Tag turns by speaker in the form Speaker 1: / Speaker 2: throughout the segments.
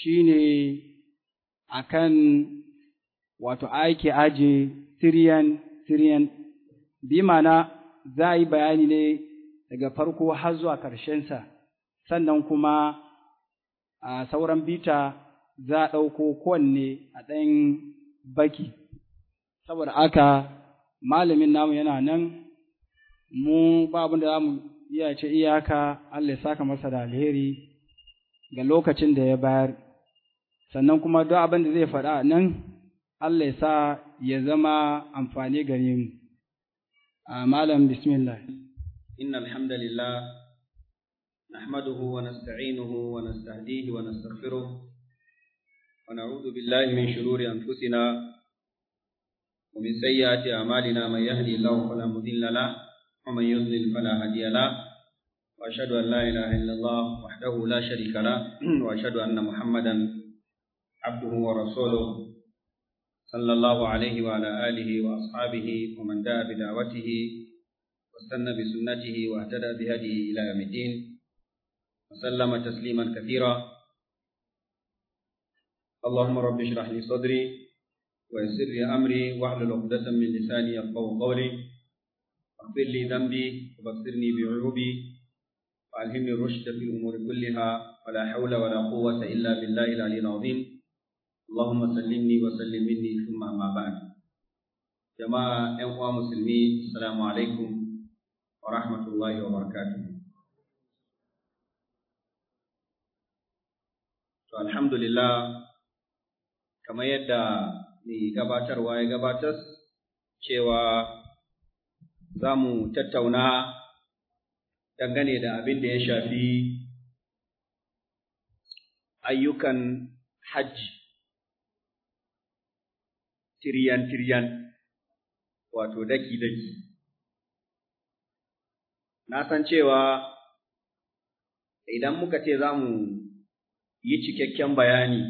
Speaker 1: Shi ne a kan wato aiki aje siriyan siriyan bi mana za a yi bayani ne daga farko har zuwa ƙarshensa sannan kuma a sauran bita za a ɗauko kowanne a ɗan baki saboda aka malamin namu yana nan mu babu da za mu iya ce iyaka Allah ya saka masa da alheri ga lokacin da ya bayar sannan kuma duk abin da zai faɗa nan Allah ya ya zama amfani gare mu. Malam bismillah. Innal hamdalillah nahmaduhu wa nasta'inuhu wa nasta'dihi wa nastaghfiruh wa na'udhu billahi min shururi anfusina wa min sayyiati a'malina man yahdihillahu fala mudilla la wa man yudlil fala hadiya la wa ashhadu an la ilaha illallah wahdahu la sharika la wa ashhadu anna muhammadan عبده ورسوله صلى الله عليه وعلى آله وأصحابه ومن دعا بدعوته واستنى بسنته واهتدى بهديه إلى يوم الدين وسلم تسليما كثيرا اللهم رب اشرح لي صدري ويسر لي أمري واحلل عقدة من لساني يفقه قولي اغفر لي ذنبي وبصرني بعيوبي وألهمني الرشد في الأمور كلها ولا حول ولا قوة إلا بالله العلي العظيم Allahumma sallimni wa sallim minni thumma ma ba'd jama'a ƴan uwa musulmi assalamu alaikum wa rahmatullahi wa barakatuh alhamdulillah kamar yadda mai gabatarwa ya gabatar cewa za mu tattauna dangane da abin da ya shafi ayyukan hajji tiryan-tiryan, wato daki-daki. Na san cewa idan muka ce za mu yi cikakken bayani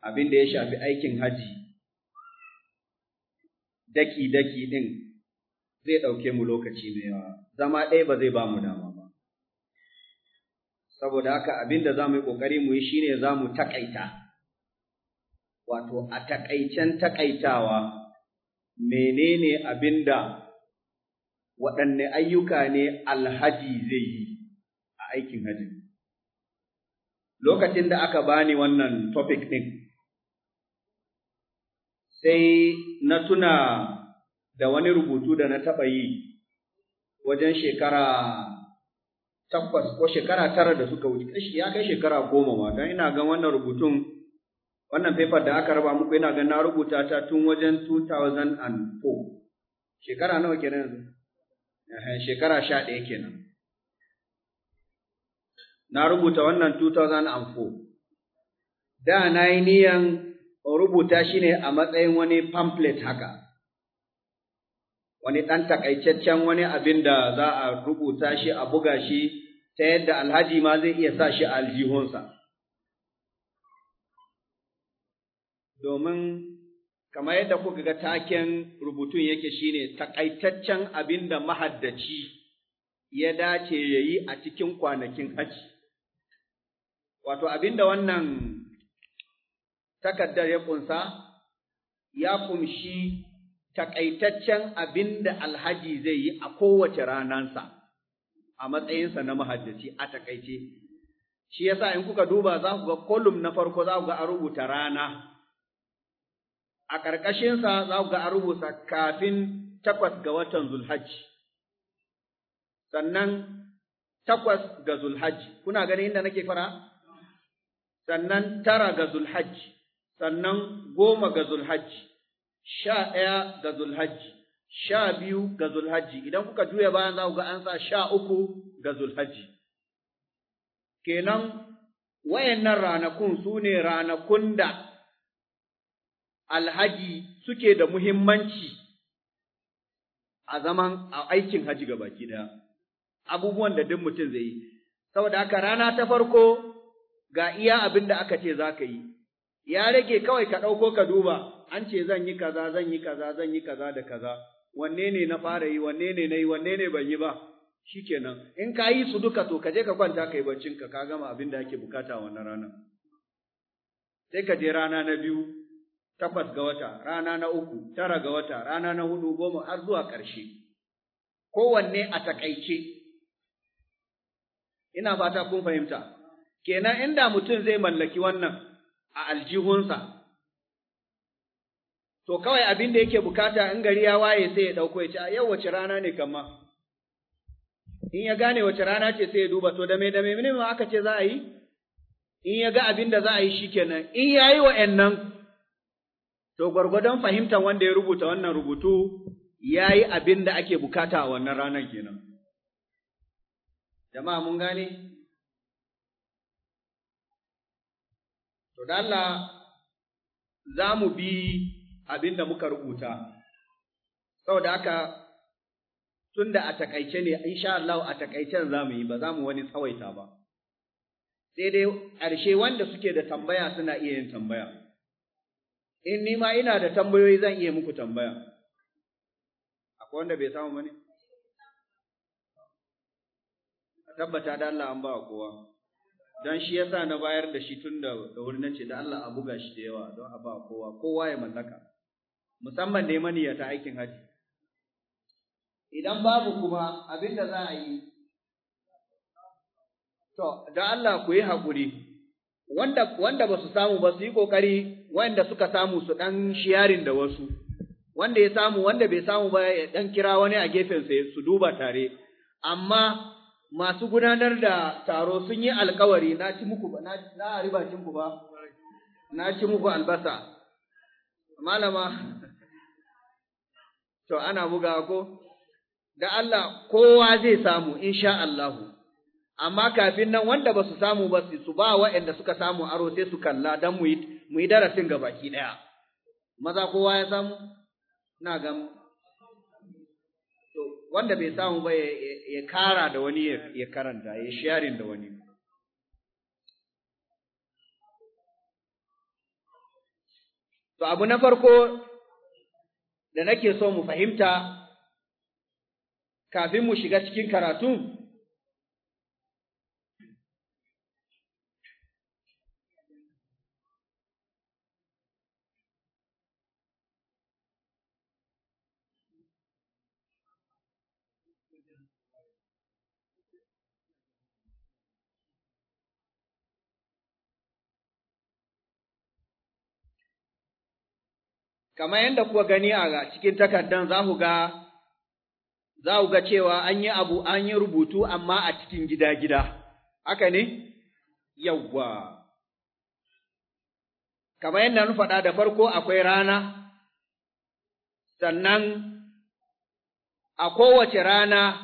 Speaker 1: abin da ya shafi aikin haji daki-daki ɗin zai ɗauke mu lokaci mai yawa, zama ɗaya ba zai ba mu dama ba. Saboda haka abin da za mu yi ƙoƙari mu yi shi ne za mu taƙaita. wato a taƙaicen taƙaitawa menene abinda waɗanne ayyuka ne alhaji zai yi a aikin haji. Lokacin da aka bani wannan topic ɗin, sai na tuna da wani rubutu da na taɓa yi wajen shekara takwas ko shekara tara da suka wuce, ya kai shekara goma ma, don ina gan wannan rubutun wannan paper da aka raba muku yana ga na rubuta ta tun wajen 2004 shekara nawa kenan yanzu shekara sha ɗaya kenan na rubuta wannan 2004 da na yi niyan rubuta shi ne a matsayin wani pamphlet haka wani ɗan takaitaccen wani abin da za a rubuta shi a buga shi ta yadda alhaji ma zai iya sa shi a aljihunsa. domin kamar yadda kuka ga taken rubutun yake shine takaitaccen abin da mahaddaci ya dace ya yi a cikin kwanakin haji. Wato abin da wannan takaddar ya kunsa ya kumshi takaitaccen abin da alhaji zai yi a kowace ranansa a matsayinsa na mahaddaci a takaice. Shi yasa in kuka duba za ku ga kolum na farko za ku ga a rubuta rana. a ƙarƙashinsa za ku ga a rubuta kafin takwas ga watan Zulhajji, sannan takwas ga Zulhajji, kuna ganin inda nake fara? Sannan tara ga Zulhajji, sannan goma ga Zulhajji, sha ɗaya ga Zulhajji, sha biyu ga Zulhajji, idan kuka juya bayan za ku ga an sa sha uku ga Zulhajji. Kenan wayannan ranakun su ne ranakun da alhaji suke da muhimmanci a zaman a aikin haji ga baki ɗaya, abubuwan da duk mutum zai yi. Saboda aka rana ta farko ga iya abin da aka ce za ka yi, ya rage kawai ka ɗauko ka duba, an ce zan yi kaza, zan yi kaza, zan yi kaza da kaza, wanne ne na fara yi, wanne ne na yi, wanne ne ban yi ba, shi kenan, in ka yi su duka to ka je ka kwanta ka yi baccinka ka gama abin da ake bukata wannan ranar. Sai ka je rana na biyu, takwas ga wata, rana na uku, tara ga wata, rana na hudu, goma har zuwa ƙarshe, kowanne a takaice. Ina fata kun fahimta, kenan inda mutum zai mallaki wannan a aljihunsa, to kawai abin da yake bukata in gari ya waye sai ya ɗauko ya ce, a yau wace rana ne kama? In ya gane wace rana ce sai ya duba, to da dame ma aka ce za a yi? In ya ga abin da za a yi shi kenan, in ya yi 'yan nan to gwargwadon fahimtar wanda ya rubuta wannan rubutu ya yi abin da ake bukata a wannan ranar kenan. Jama'a mun gane? To da za mu bi abin da muka rubuta, saboda haka tun da a takaice ne, insha Allah a takaicen za mu yi ba za mu wani tsawaita ba. Sai dai ƙarshe wanda suke da tambaya suna iya yin tambaya. in ni ma ina da tambayoyi zan iya muku tambaya akwai wanda bai samu bane tabbata da Allah an ba kowa dan shi yasa na bayar da shi tun da wuri nace da Allah a buga shi da yawa don a ba kowa kowa ya mallaka musamman da maniyata aikin haji idan babu kuma abinda za a yi to da Allah ku yi haƙuri wanda wanda ba su samu ba su yi kokari wanda suka samu su dan shiyarin da wasu wanda ya samu wanda bai samu ba ya dan kira wani a gefen sa su duba tare amma masu gudanar da taro sun yi alkawari na ci muku ba na riba cin ku ba na ci muku albasa malama to ana buga ko da Allah kowa zai samu insha Allahu amma kafin nan wanda ba su samu ba su ba waɗanda suka samu aro sai su kalla don mu yi darasin ga baki ɗaya. Maza kowa ya samu? Na ga wanda bai samu ba ya kara da wani ya karanta, ya sharing da wani. To abu na farko da nake so mu fahimta kafin mu shiga cikin karatu. kamar yadda kuka gani a cikin takardan za ku ga za ku ga cewa an yi abu an yi rubutu amma a cikin gida-gida haka ne yawwa kamar yadda na faɗa da farko akwai rana sannan a kowace rana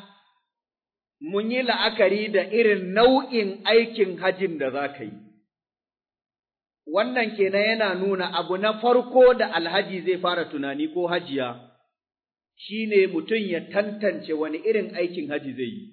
Speaker 1: mun yi la'akari da irin nau'in aikin hajin da za ka yi wannan kenan yana nuna abu na farko da alhaji zai fara tunani ko hajiya shine mutum ya tantance wani irin aikin haji zai yi